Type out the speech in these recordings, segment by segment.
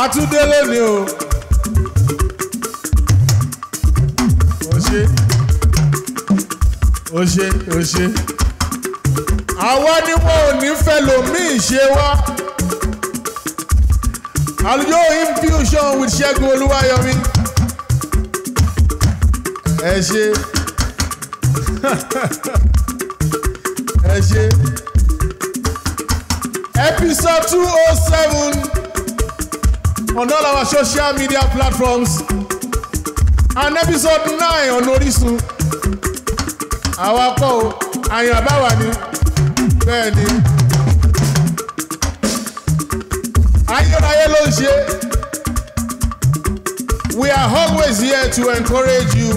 àtúndé lónìí o. o ṣe o ṣe o ṣe àwa ni wọn ò ní fẹ́ lòmíì ṣe wá. Àlùjọ infusion with Ṣẹ́gun Olúwayọ̀mí. Ẹ ṣe. Ẹ ṣe. Episode two oh seven on all our social media platforms and episode nine on Orisun Our kọ́ o àyàn báwa ni bẹ́ẹ̀ ni ayérayé we are always here to encourage you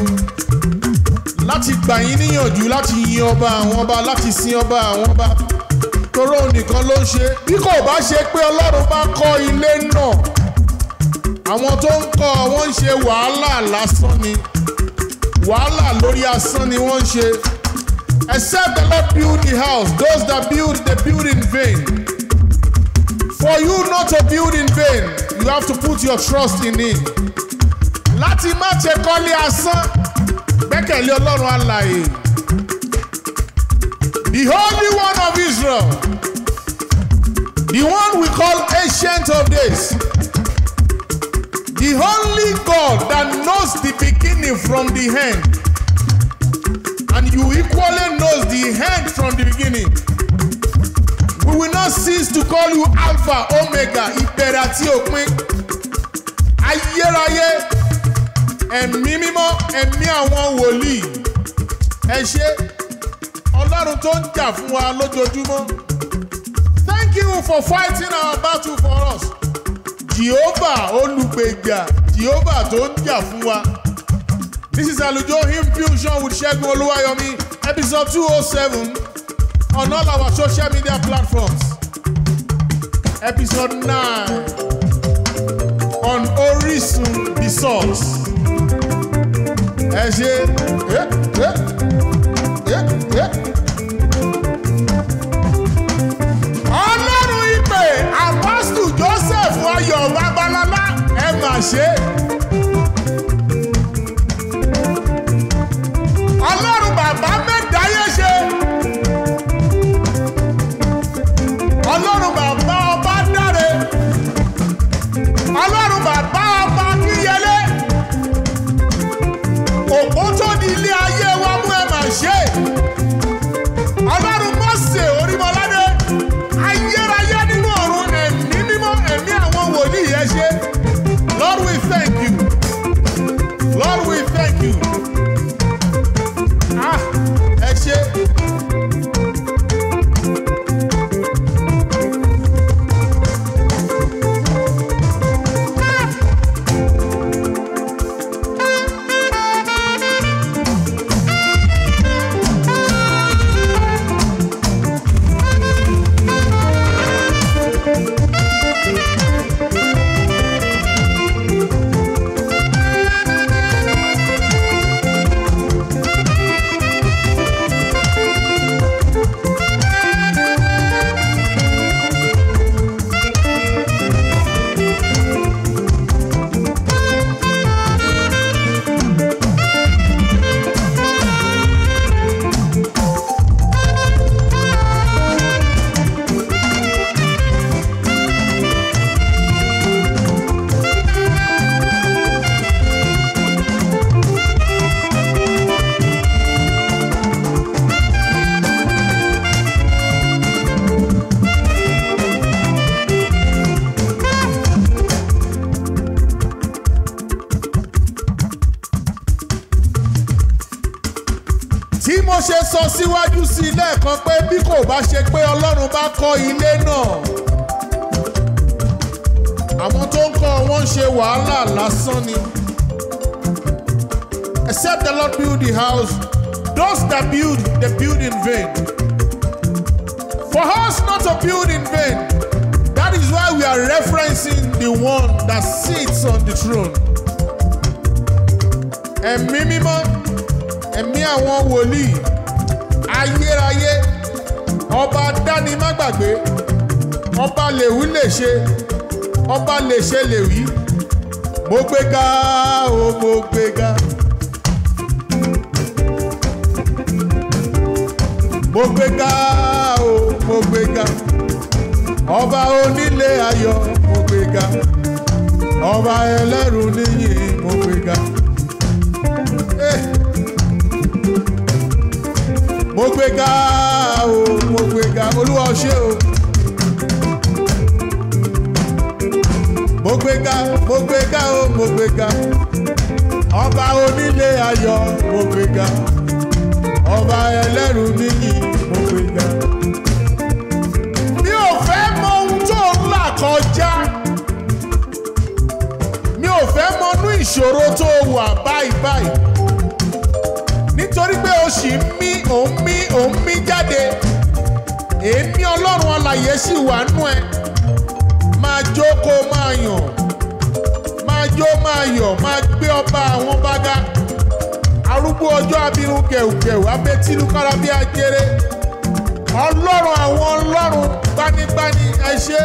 láti gbà yín níyànjú láti yin ọba àwọn ọba láti sin ọba àwọn ọba toró nìkan ló ń ṣe bí kò bá ṣe pé ọlọ́run bá kọ́ ilé náà àwọn tó ń kọ́ wọ́n ń ṣe wàhálà lásán ni wàhálà lórí asán ni wọ́n ń ṣe except the Lord build the house those that build they build in vain for you not to build in vain you have to put your trust in him láti má ṣe kọ́lé asán gbẹ́kẹ̀lé ọlọ́run alààyè the Holy One of Israel the one we call Ancient of Days. The only God that knows the beginning from the end. And you equally knows the end from the beginning. We will not cease to call you Alpha, Omega, ìbẹ̀rẹ̀ àti òpin. Ayérayé, ẹ̀mí mímọ́, ẹ̀mí àwọn wòlíì. Ẹ ṣé, Ọlọ́run tó ń wa lójoojúmọ́. Thank you for fighting our battle for us jehova olùgbèjà jehova tó ń jà fún wa. This is Alujo Hymn Fusion with Segun Oluwayomi, episode 207 on all our social media platforms. Episode nine on Orisun The Source. Ẹ ṣe. Yeah, yeah, yeah, yeah. ayọ̀ wá balọ́lá ẹ mà ṣe é. Except the Lord build the house, those that build, they build in vain. For us not to build in vain, that is why we are referencing the one that sits on the throne. Ẹ̀mí mímọ́, ẹ̀mí àwọn wòlíì, ayérayé, ọba dánimágbàgbé, ọba lèwí lè ṣe, ọba lè ṣe lèwí. Mo gbéga o, mo gbéga. mo gbéga o mo gbéga ọba onílé ayọ mo gbéga ọba ẹlẹ́rù níyìn mo gbéga. Eh. mo gbéga o mo gbéga olúwa ṣé o. mo gbéga mo gbéga o mo gbéga ọba onílé ayọ mo gbéga ọba ẹlẹ́rù níyìn. mi ò fẹ́ mọ mi ò fẹ́ mọ inú ìṣòro tó wà báyìí báyìí nítorí pé o sì ń mí ò ń mí ò ń mí jáde èémí ọlọ́run alàyè sì wà nú ẹ máa jókòó máa yàn máa jó máa yọ̀ máa gbé ọba àwọn bága arúgbó ọjọ́ abirun kẹ̀ùkẹ̀ù abẹ́tìlú kára bí ọlọ́run àwọn ọlọ́run gbanigbani ẹ ṣé.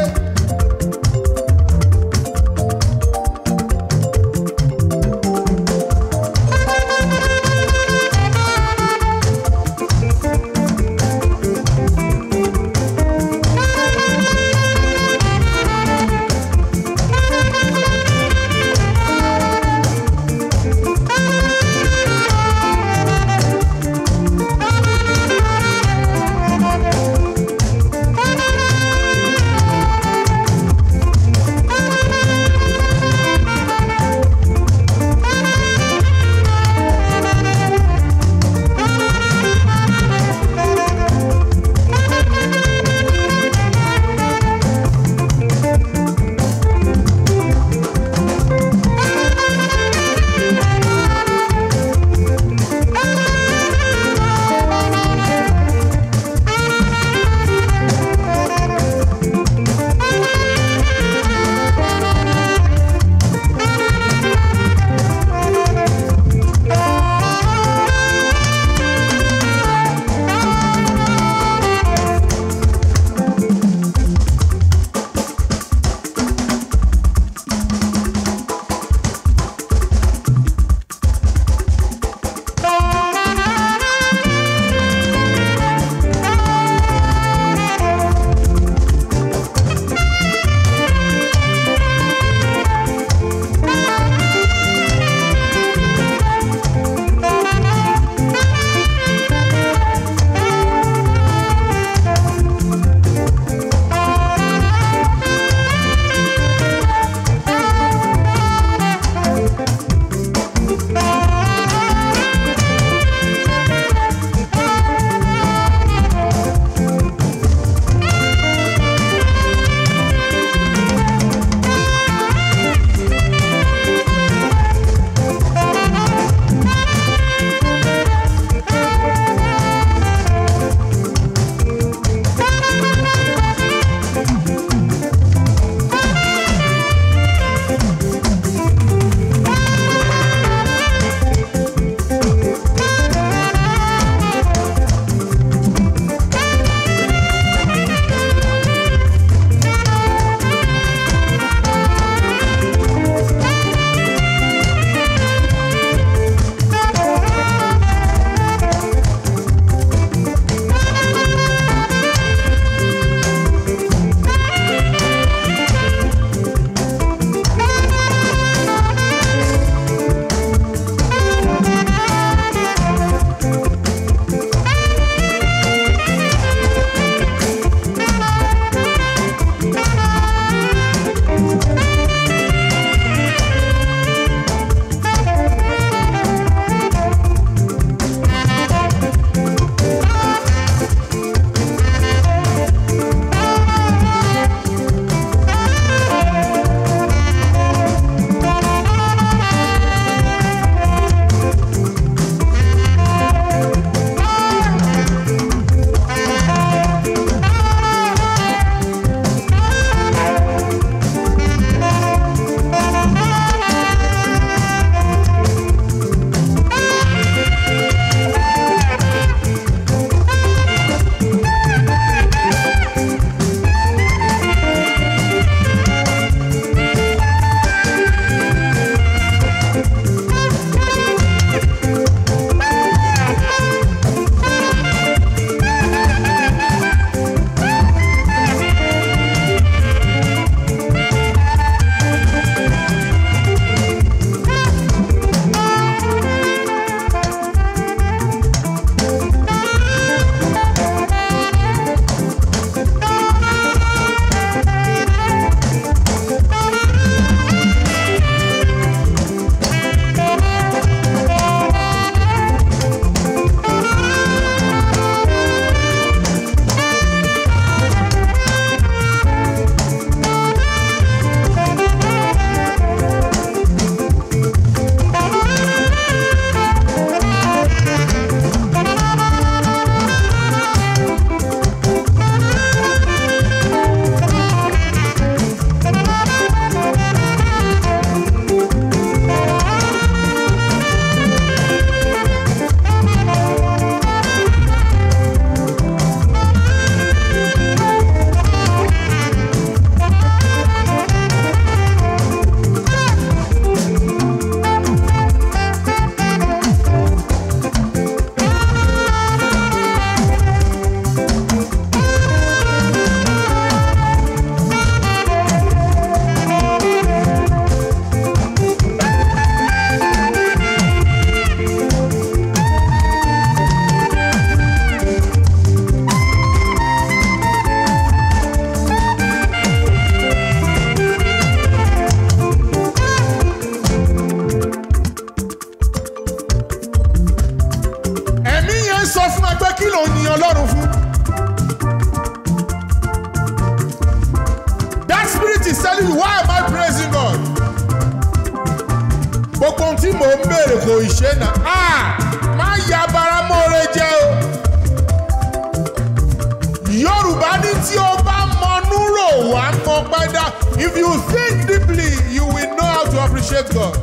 you think deeply, you will know how to appreciate God.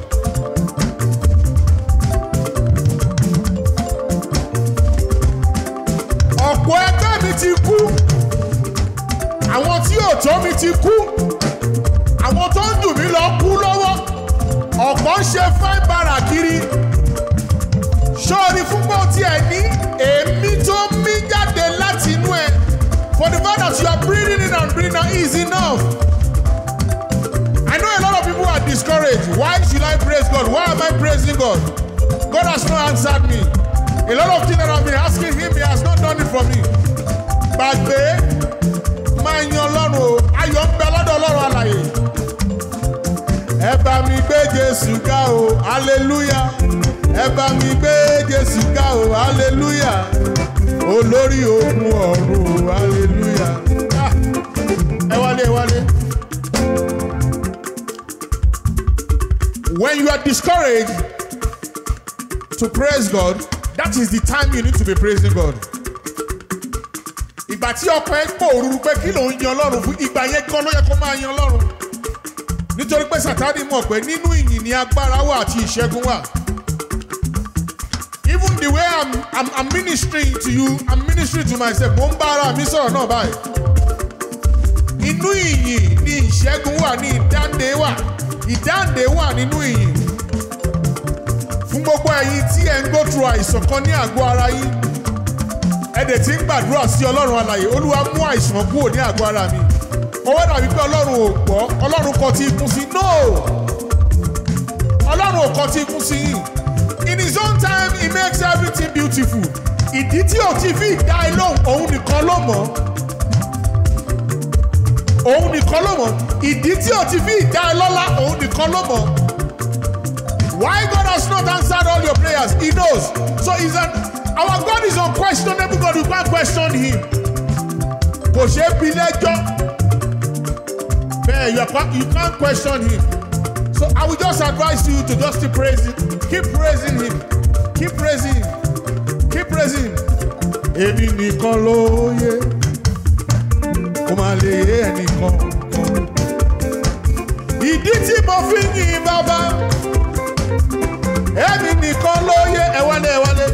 Ọ̀pọ̀ ẹgbẹ́ mi ti kú. Àwọn tí ò tọ́ mi ti kú. Àwọn tó ń dùn mí lọ kú lọ́wọ́. Ọ̀pọ̀ ń ṣe fáin bàrà kiri. Ṣọ́ọ̀rì fúnpọ̀ tí ẹ ní èémí tó ń mí jáde láti inú ẹ. For the fact that you are breathing in and breathing out is enough discouraged. Why should I praise God? Why am I praising God? God has not answered me. A lot of things that I've been asking him, he has not done it for me. Gbàgbé máa my Ọlọ́run o, ayọ̀ ń bẹ lọ́dọ̀ Ọlọ́run àlàyé. mi gbé Jésù ká o, hallelujah. Ẹ bá mi gbé Jésù ká o, hallelujah. Olórí ogun ọ̀run, hallelujah. Ah. Ẹ wálé, ẹ wálé. When you are discouraged to praise God, that is the time you need to be praising God. Ìgbà tí ọkọ ẹ pò òrùrù pé kí ló yan Ọlọ́run fún ìgbà yẹn gan ló yẹ kó máa yan Ọlọ́run. Nítorí pé Sátánì mọ̀ pé nínú ìyìn ni agbára wà àti ìṣẹ́gun wà. Even the way I'm, I'm, I'm ministering to you, I'm ministering to myself, mo ń bá ara mi sọ̀rọ̀ náà báyìí. Inú ìyìn ni ìṣẹ́gun wà ní ìdáǹdè wà ìdáǹdè wà nínú ìyìn fún gbogbo ẹ̀yin tí ẹ ń gbótru àìsàn kan ní àgọ́ ara yín ẹ̀dẹ̀ tí ń gbàdúrà sí ọlọ́run alàyè olúwa mú àìsàn kúrò ní àgọ́ ara mi ó dàbí pé ọlọ́run ò gbọ́ ọlọ́run kọ ti ikún sí no ọlọ́run ò kọ ti ikún sí yìí in his own time he makes everything beautiful ìdí tí ò ti fi dá ẹ lóhùn òun nìkan ló mọ̀ ọ́ òun nìkan ló mọ̀ ìdí tí o ti fi ìdá ẹ lọ́lá òun nìkan ló mọ̀. Why God has not answered all your prayers? He knows. So he's an, our God is unquestionable God. We can't question him. Kò ṣe é bi lẹ́jọ́. Bẹ́ẹ̀ you can't question him. So I will just advise you to just keep praising, keep praising him, keep praising him, keep praising him. Èmi nìkan ló yẹ. Yeah kó má lè yé ìdí tí mo fi yìn bàbá èmi nìkan ló yé ẹ̀wálé ẹ̀wálé.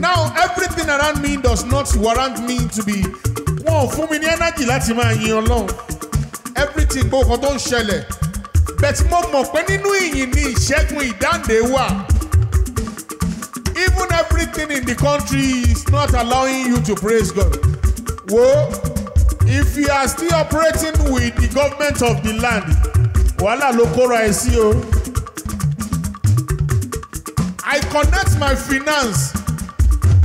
now everything around me does not warrant me to be wọn ò fún mi ní energy láti máa yin ọlọ́run everything gbogbo tó ń ṣẹlẹ̀ bẹ̀tí mo mọ̀ pé nínú ìyìn ni ìṣẹ́gun ìdáǹdè wà. even everything in the country is not allowing you to praise God. Whoa if you are still operating with the government of the land wàhálà ló kóra ẹ sí o. I connect my finance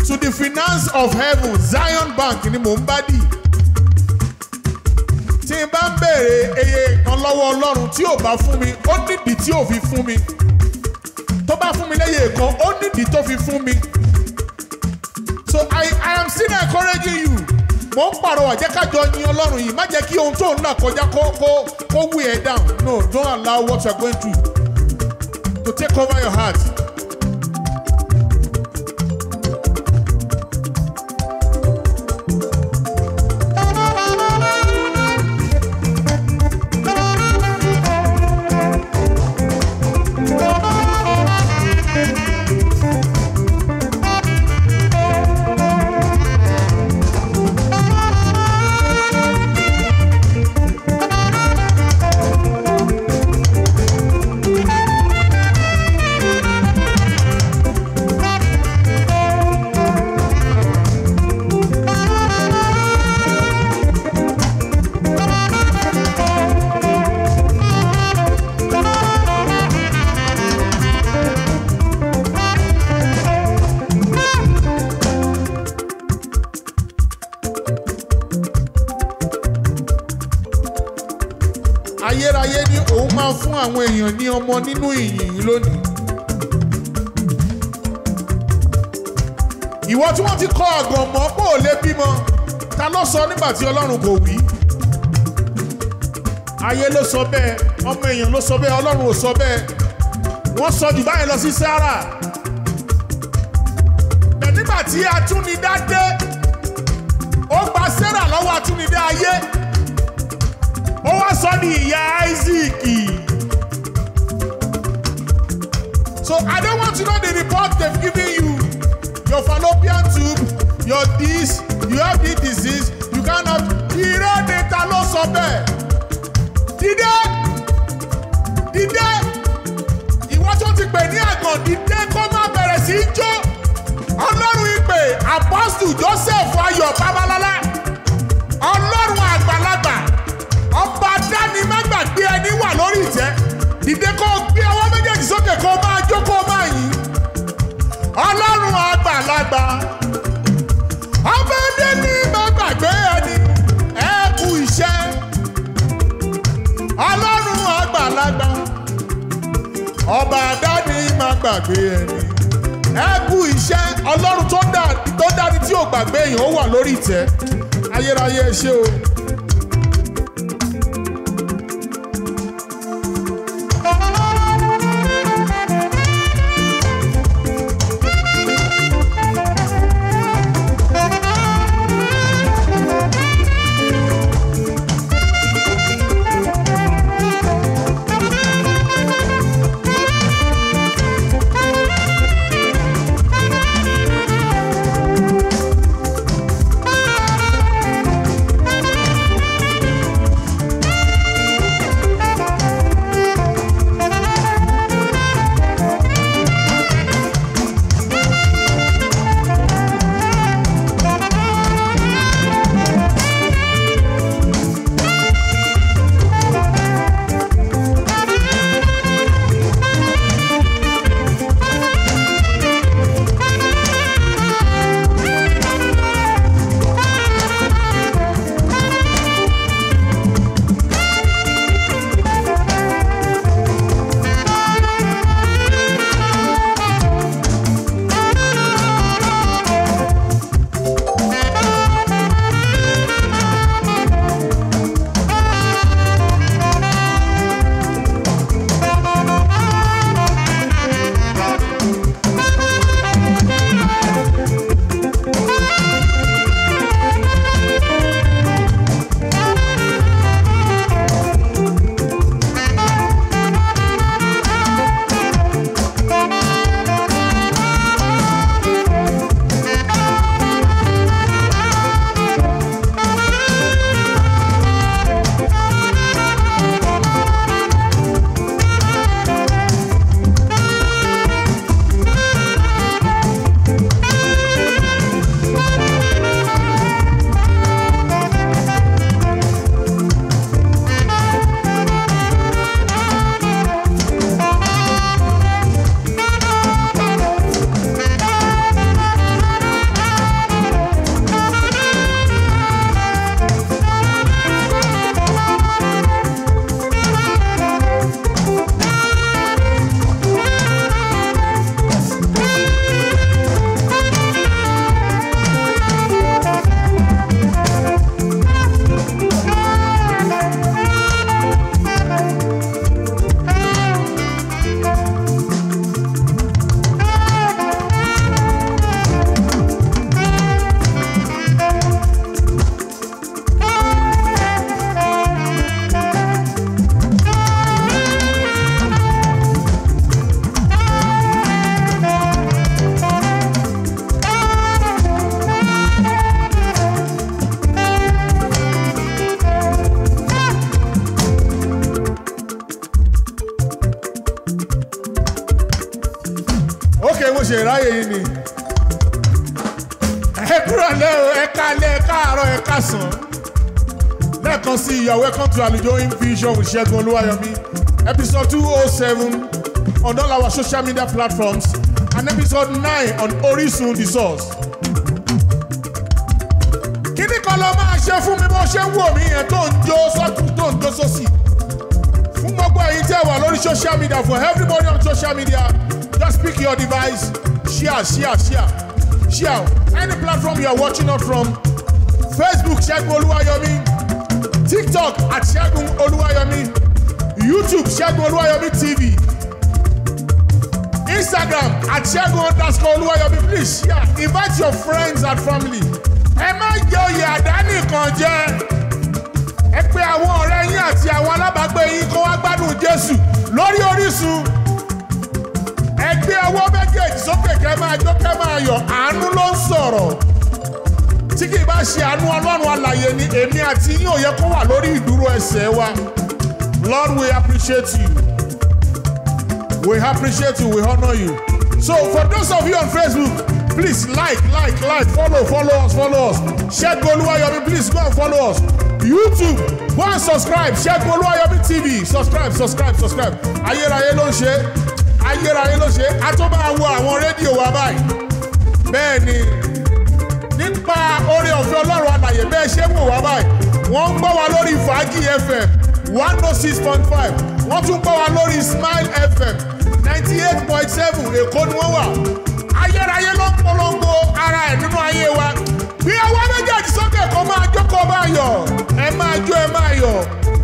to the finance of heaven Zion Bank ni mò ń bá dì. tí n bá ń béèrè eye kan lọ́wọ́ Ọlọ́run tí ò bá fún mi ó nídìí tí ò fi fún mi tó bá fún mi lẹ́yìn kan ó nídìí tó fi fún mi. So I, I am still encouraging you mò ń pàrọwà jẹ́ ká jọ ọlọ́run yìí má jẹ́ kí ohun tó ń là kọjá kó kó kó wí ẹ̀ down no don't allow what you are going through to take over your heart. ayérayé ní òun máa fún àwọn èèyàn ní ọmọ nínú ìyìn yìí lónìí. ìwọ tí wọ́n ti kọ́ ọ̀gàn mọ́ pò lè bímọ ta ló sọ nígbà tí ọlọ́run kò wí. ayé ló sọ bẹ́ẹ̀ ọmọ èèyàn ló sọ bẹ́ẹ̀ ọlọ́run ò sọ bẹ́ẹ̀ wọ́n sọ jù báyìí lọ sí Sárà. bẹ̀ nígbà tí atúnidá dé ó gba Sárà lọ́wọ́ atúnidá ayé sọ ìyá Isaac. So I don't want to know the report they've given you. Your fallopian tube, your this, you have the disease, you cannot. Irọ́ ni ta ló sọ bẹ́ẹ̀? Dídé dídé ìwọ tó ti pè ní àgàn dídé kó má bẹ̀rẹ̀ sí í jó. Ọlọ́run ìpè Apostle Joseph Ayọ̀ babalala. ẹni wà lórí ìtẹ́ dìde kó gbé ọwọ́ méjèèjì sókè kó máa máa ọlọ́run àgbàlagbà ní gbàgbé ẹni ọlọ́run àgbàlagbà ọba ní gbàgbé ẹni ọlọ́run tó tí gbàgbé yìí ó wà lórí ìtẹ́ ayérayé o. ṣe ráyè yìí ni. ẹ kúrò lẹ́ o ẹ kálẹ̀ ẹ káàárọ̀ ẹ kásán. lẹ́ẹ̀kan sí you are welcome to AlujoHymn Fusion with Ṣẹ́gun Olúwayọ̀mí episode two oh seven on all our social media platforms and episode nine on Orisun The Source. kíní kan ló máa ṣe fún mi bó ṣe ń wò mí yẹn tó ń jó sọ́tún tó ń jó sósì. fún gbogbo ẹ̀yin tí ẹ wà lórí social media for everybody on social media just pick your device, share, share, share, share. Any platform you are watching us from, Facebook Ṣẹ́gun Olúwayọ̀mí, TikTok at Ṣẹ́gun Olúwayọ̀mí, YouTube Ṣẹ́gun Olúwayọ̀mí TV, Instagram at Ṣẹ́gun underscore Olúwayọ̀mí. Please share, invite your friends and family. Ẹ má jẹ oyè àdánìkan jẹ. Ẹ pe àwọn ọ̀rẹ́ yín àti àwọn alábàágbé yín kó wá gbádùn Jésù lórí Orísun gbé ọwọ́ méjèèjì sókè kẹ́ máa jó kẹ́ máa yọ̀ àánú ló ń sọ̀rọ̀ tí kì í bá ṣe àánú ọlọ́run alàyè ni èmi àti yín ò kó wà lórí ìdúró ẹsẹ̀ wa Lord we appreciate you we appreciate you we honour you so for those of you on Facebook please like like like follow follow us follow us Ṣẹ́gun Olúwayọ̀mí please go and follow us YouTube go and subscribe Ṣẹ́gun Olúwayọ̀mí TV subscribe subscribe subscribe ayérayé ló ń ṣe agbéraye ló ṣe a tó bá wo àwọn rédíò wa báyìí bẹ́ẹ̀ ni nípa oore ọ̀fẹ́ ọlọ́run àlàyé bẹ́ẹ̀ ṣé mò wá báyìí wọ́n ń gbọ́ wa lórí fàájì fm one oh six point five wọ́n tún gbọ́ wa lórí smile fm ninety eight point seven èkó ni wọ́n wà ayérayé ló ń polongo ara ẹ̀ nínú ayé wa bí ọwọ́ méjèèjì sókè kó máa jó kó máa yọ̀ ẹ máa jó ẹ máa yọ̀.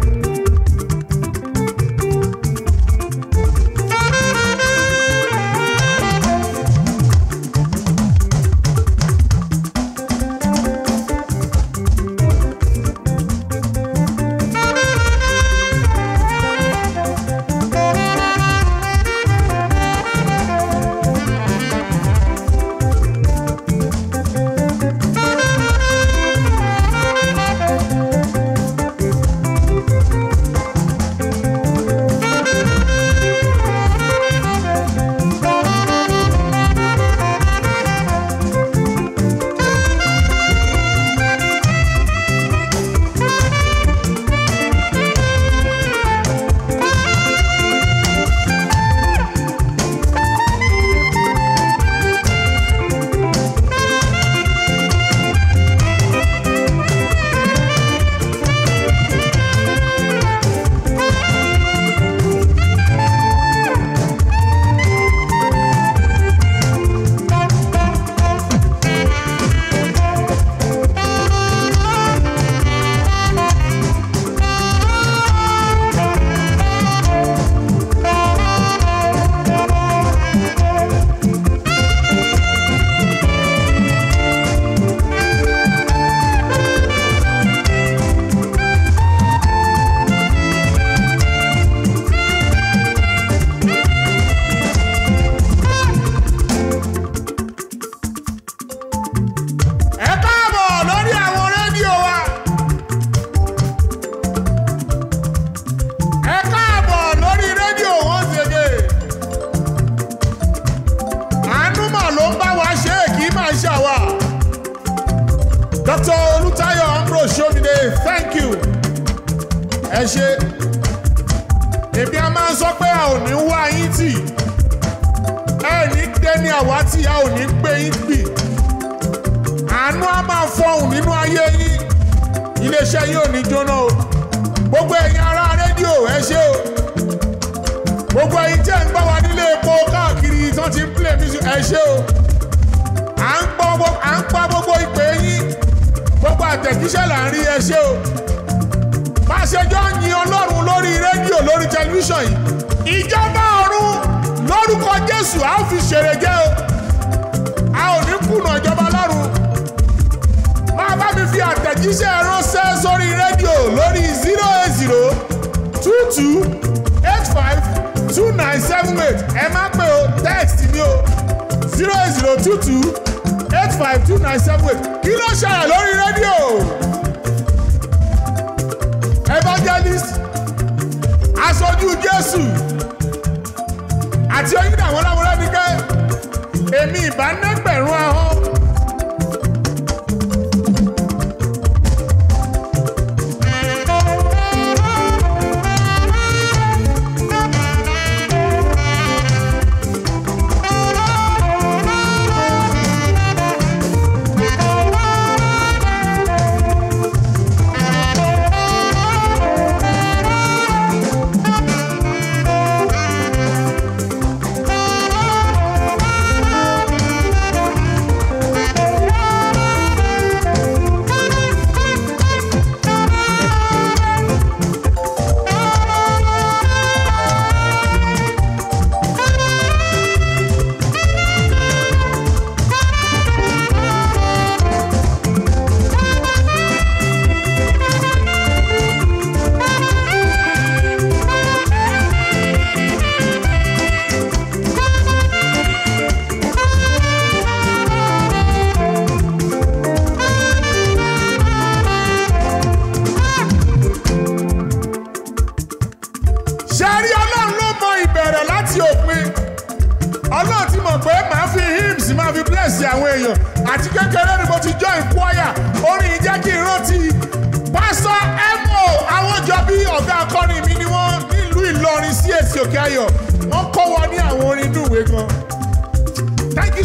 constitution yìí ìjọba ọ̀run lórúkọ Jésù a ó fi ṣèrèjẹ́ o a ò ní kùnà ìjọba lọ́run máa bá mi fi àtẹ̀jíṣẹ́ ránṣẹ́ sórí rédíò lórí zero eight zero two two eight five two nine seven eight ẹ má pè o text mi o zero eight zero two two eight five two nine seven eight kí ló ṣẹlẹ̀ lórí rédíò evangelist aṣojú Jésù àti Oyíndàwọ́ Láwọlé ni pé èmi ìbá nẹ́gbẹ̀rún ahọ́n.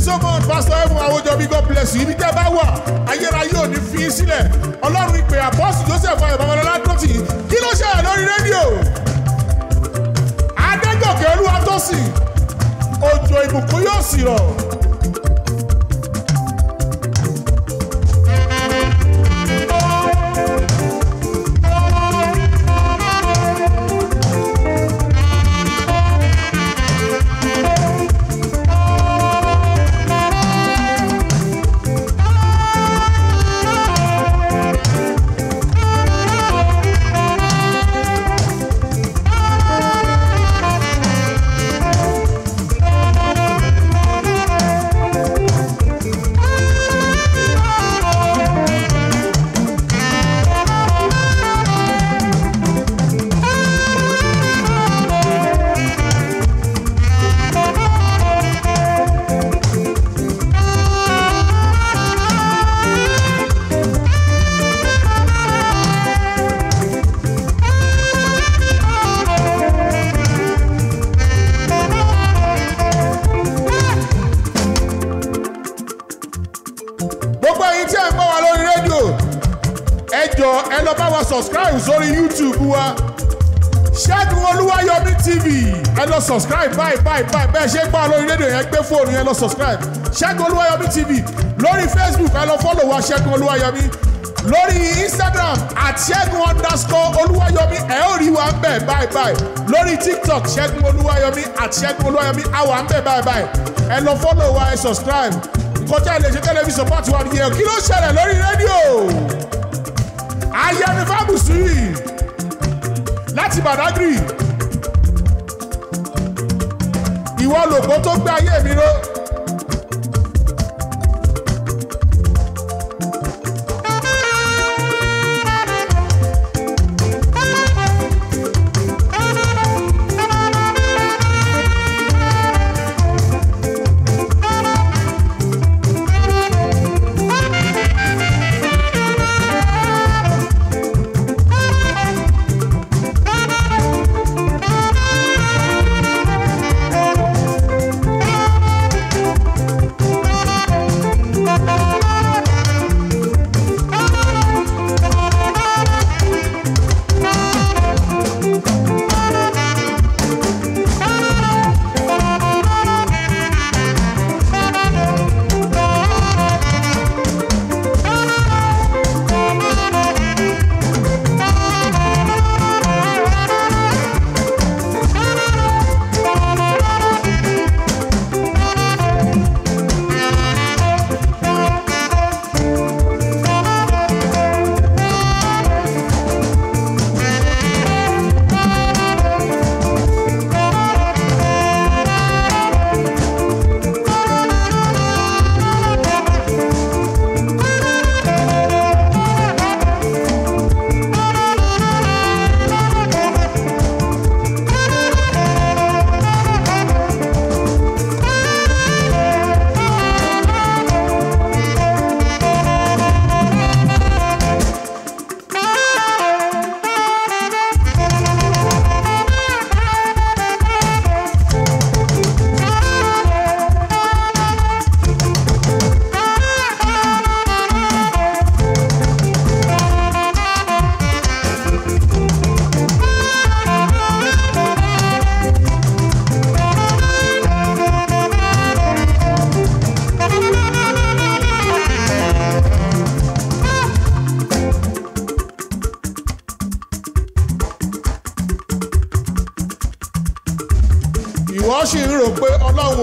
so much pastor ẹ̀fún àwòjọbí god bless you ibi tẹ́ bá wà ayérayé ò ní fi í sílẹ̀ ọlọ́run ìpè àpọ́sù joseph ayọ̀ babalọ́lá dọ́tì kí ló ṣẹlẹ̀ lórí rédíò adégòkè olúwatósìn òjò ìbùkún yóò sì rọ̀. ẹ lọ subscribe Bye bye bye. bẹ́ẹ̀ ṣe gbọ́ lórí rédíò yẹn gbé fóònù yẹn lọ subscribe ṣẹ́gun olúwayọ̀mí tv lórí facebook ẹ lọ fọ́lọ̀ wa ṣẹ́gun olúwayọ̀mí lórí instagram at àtṣẹ́gun underscore olúwayọ̀mí ẹ ó rí wa ń bẹ̀ báyìí báyìí lórí tiktok ṣẹ́gun olúwayọ̀mí àtṣẹ́gun olúwayọ̀mí àwa ń bẹ̀ Bye bye. ẹ lọ fọ́lọ̀ wa ẹ subscribe kọjá ilé iṣẹ́ tẹlifíṣàn pàtó wa nìyẹn kí ló ṣẹlẹ̀ lórí rédíò ayẹnifábùsùn láti badagry ìwọ lòpó tó gbé ayé mi ró.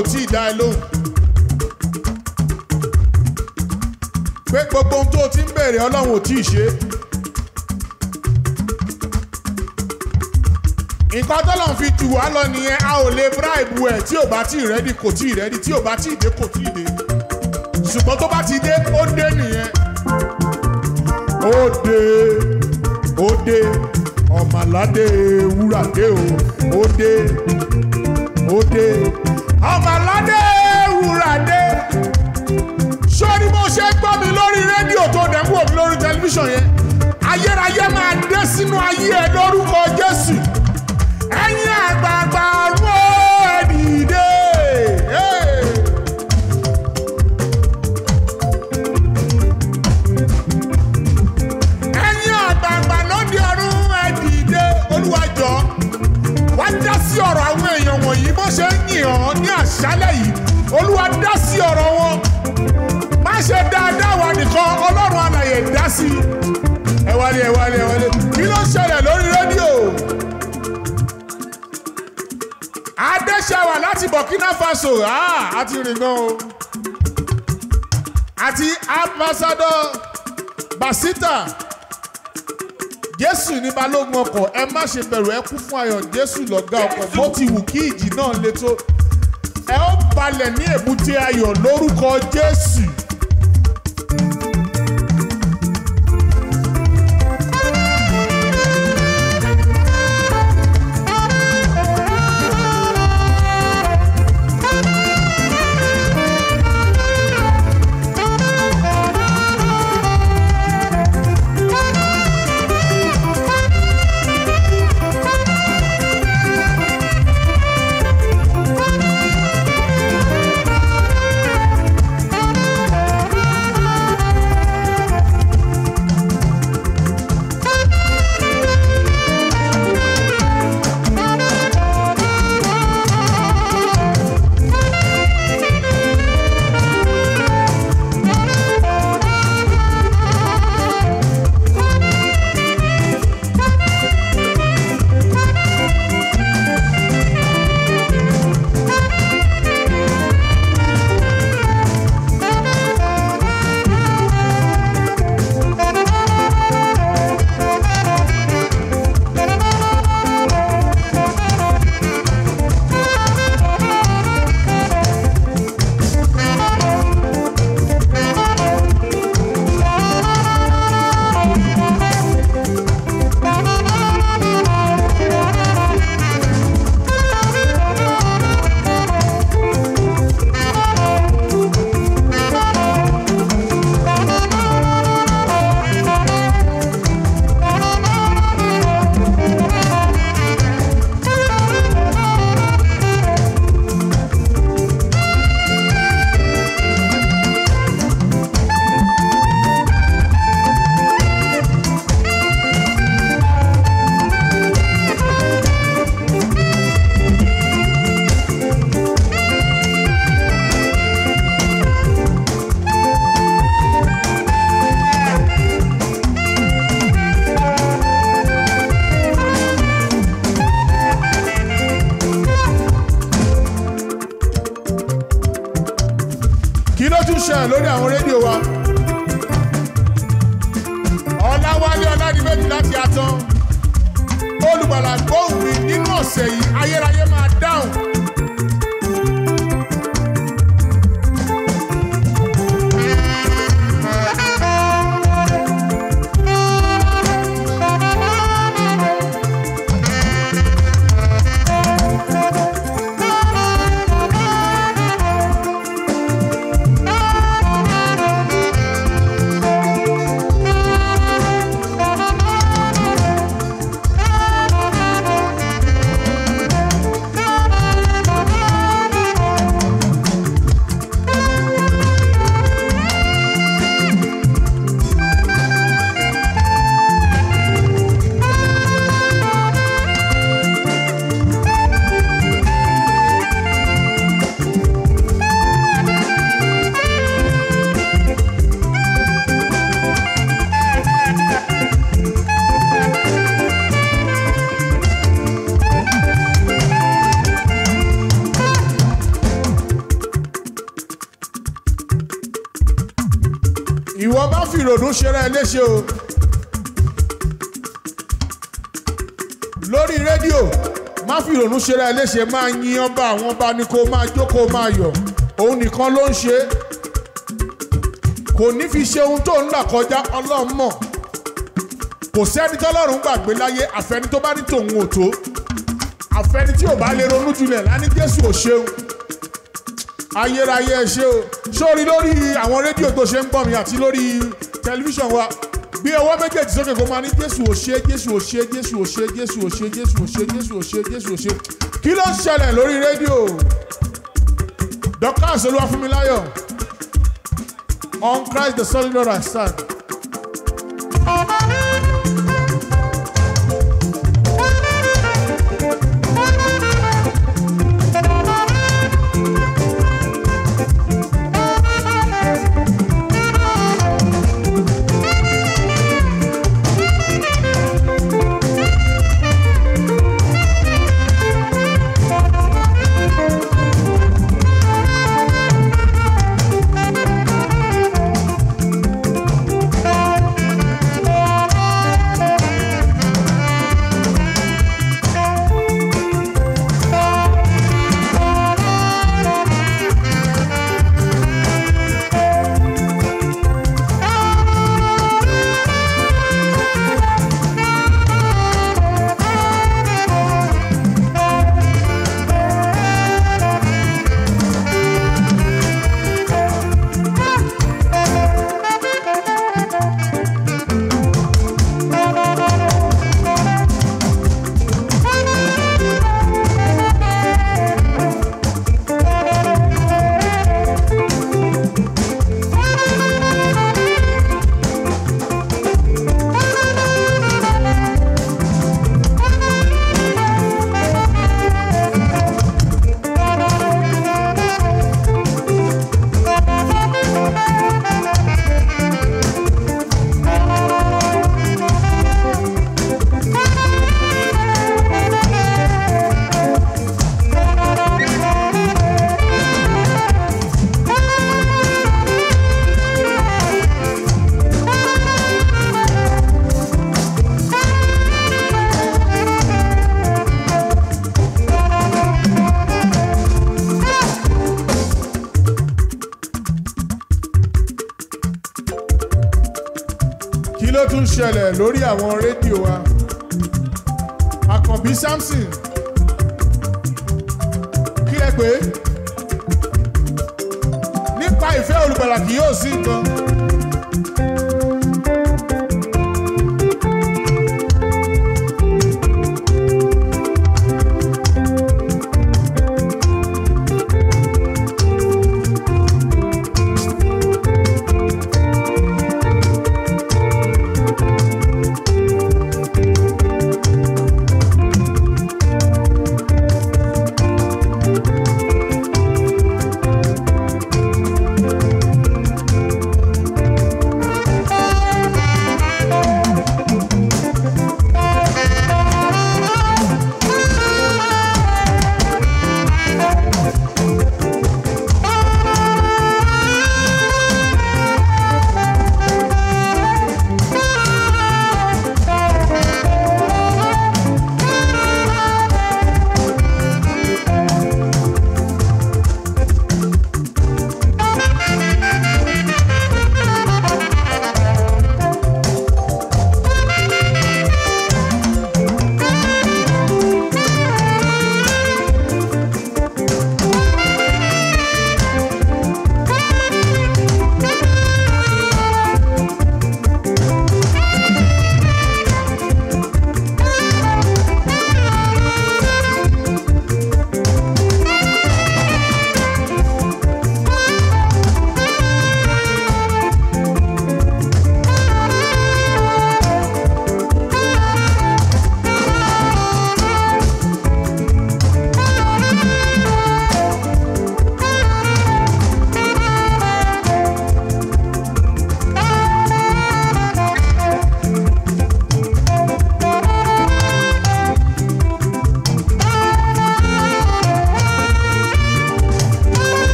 ò tí ì dá ẹ lóhùn. pé gbogbo ohun tó o ti ń béèrè ọlọ́run ò tí ì ṣe. nǹkan tọ́lọ́run fi jù wá lọ nìyẹn a ò lè bíráìbù ẹ̀ tí ò bá tí ì rẹ́dí kò tí ì rẹ́dí tí ò bá tí ì dé kò tí ì dé. ṣùgbọ́n tó bá ti dé ó dé nìyẹn. ó dé ó dé ọ̀màládé wúrà dé o ó dé ó dé ọmọládé wúradé sórí bó ṣe gbọ́ mi lórí rédíò tó dẹ̀ ń wò mí lórí tẹlifíṣàn yẹn ayérayé máa dé sínú ayé ẹ lórúkọ Jésù ẹ̀yin àgbààgbà wọ́n. sí ọ̀rọ̀ ṣe ń yìn ọ́ ní àṣálẹ̀ yìí olúwa dá sí ọ̀rọ̀ wọn má ṣe dáadáa wà nìkan ọlọ́run alàyè dá sí i ẹ wálé ẹ wálé ẹ wálé kí ló ń ṣẹlẹ̀ lórí rédíò adéṣẹwà láti burkina faso ah, a ti o àti ambassador basita jésù ní balógun ọkọ̀ ẹ má ṣe bẹ̀rù ẹ kú fún ayọ̀ jésù lọ̀gá ọkọ̀ bó ti wù kí ìjì náà le tó ẹ ó balẹ̀ ní èbúté ayọ̀ lórúkọ jésù. gbé ṣe o. lórí rédíò má fi ìrònú ṣera ẹ léṣe máa yin ọba àwọn ọba ni kó máa jókòó máa yọ̀ òun nìkan ló ń ṣe kò ní fi ṣe ohun tó ń là kọjá ọlọ́run mọ̀ kò sẹ́ni tọ́lọ́run gbàgbé láyé àfẹni tó bá ní tòun ò tó àfẹni tí ò bá lè ronú jùlẹ̀ láni jésù ò ṣeun ayérayé ẹ ṣe o sórí lórí àwọn rédíò tó ṣe ń gbọ́ mi àti lórí tẹlifíṣàn wa gbé ọwọ́ méjèèjì sókè kó máa ní jésù ò jésù ò jésù ò jésù ò jésù ò jésù ò jésù ò kí ló ń ṣẹlẹ̀ lórí rédíò Dorcas Olúwafúnmiláyọ̀ on Christ the solid rock I stand. lórí àwọn rédíò.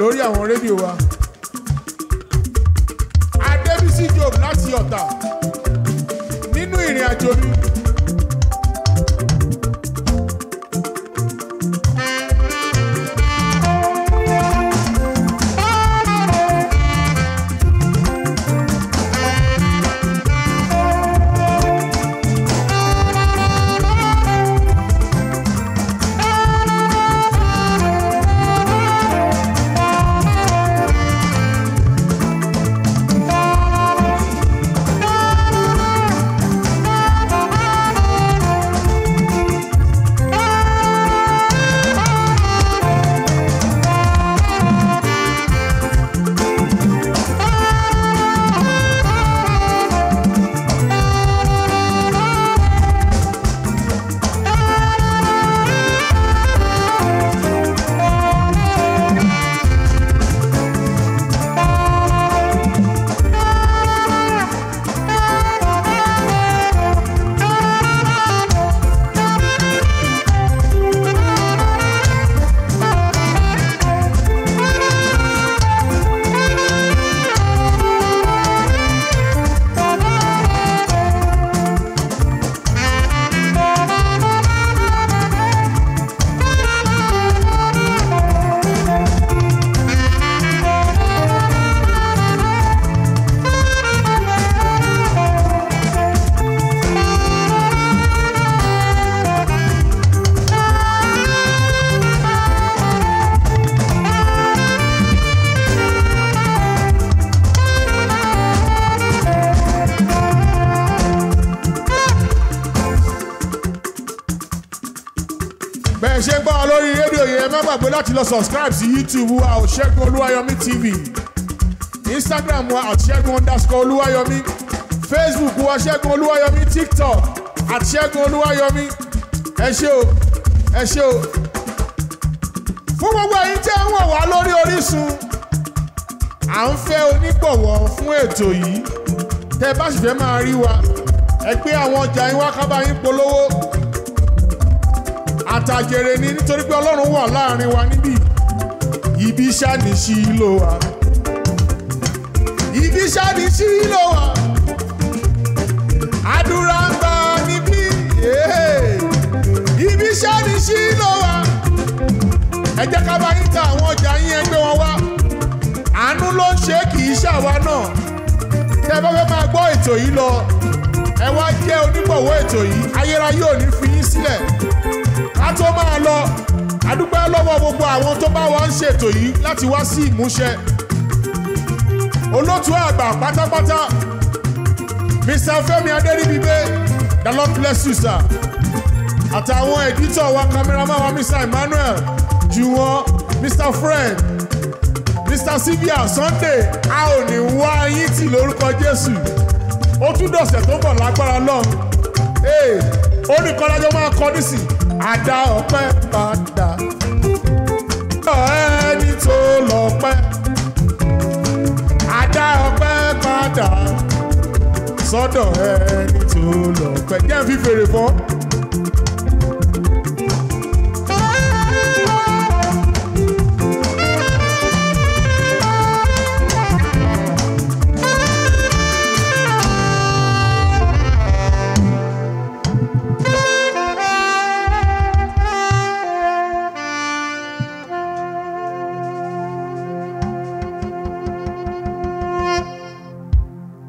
lórí àwọn rédíò wa. lọ subscribe sí YouTube wa ò Olúwayọ̀mí TV Instagram wa at Ṣẹ́gun underscore Olúwayọ̀mí Facebook wa Ṣẹ́gun Olúwayọ̀mí TikTok at Ṣẹ́gun Olúwayọ̀mí ẹ ṣé o ẹ ṣé o fún gbogbo ẹ̀yin tẹ́ ń wò wá lórí Orísun à ń fẹ́ onígbọ̀wọ́ fún ètò yìí tẹ́ bá sì fẹ́ máa rí wa ẹ gbé àwọn ọjà yín wá ká bá yín polówó. àtàjèrè ni nítorí pé ọlọ́run wà láàrin wa níbí ibi ṣáàdì sí ló wà ibi ṣáàdì sí ló wà àdúrà ń gbà níbí ibi ṣáàdì sí ló wà ẹ jẹ́ ká bá yín ta àwọn ọjà yín ẹgbẹ́ wọn wá àánú ló ń ṣe kì í ṣàwa náà tẹ́ bá fẹ́ máa gbọ́ ètò yìí lọ ẹ wá jẹ́ onígbọ̀wọ́ ètò yìí ayérayé ò ní fi yín sílẹ̀. ká tó máa lọ àdúpẹ́ lọ́wọ́ gbogbo àwọn tó bá wa ń ṣètò yìí láti wá sí ìmúṣẹ olótú àgbà pátápátá Mr. Fẹ́mi Adéríbíbé the Lord bless you sir àtàwọn ẹ̀dítọ̀ wa kámẹ́rámà wa Mr. Emmanuel Juwon Mr. Fred Mr. Sylvia Sunday a ò ní wá yín tì lórúkọ Jésù ó tún dọ̀sẹ̀ tó bọ̀ lágbára náà ó ní kọ́lájọ́ máa kọ́ nísìnyí àdá ọpẹ́ padà ẹni tó lọ́pẹ́ àdá ọpẹ́ padà sọ́dọ̀ ẹni tó lọ́pẹ́ jẹ́ fífèrè fọ́.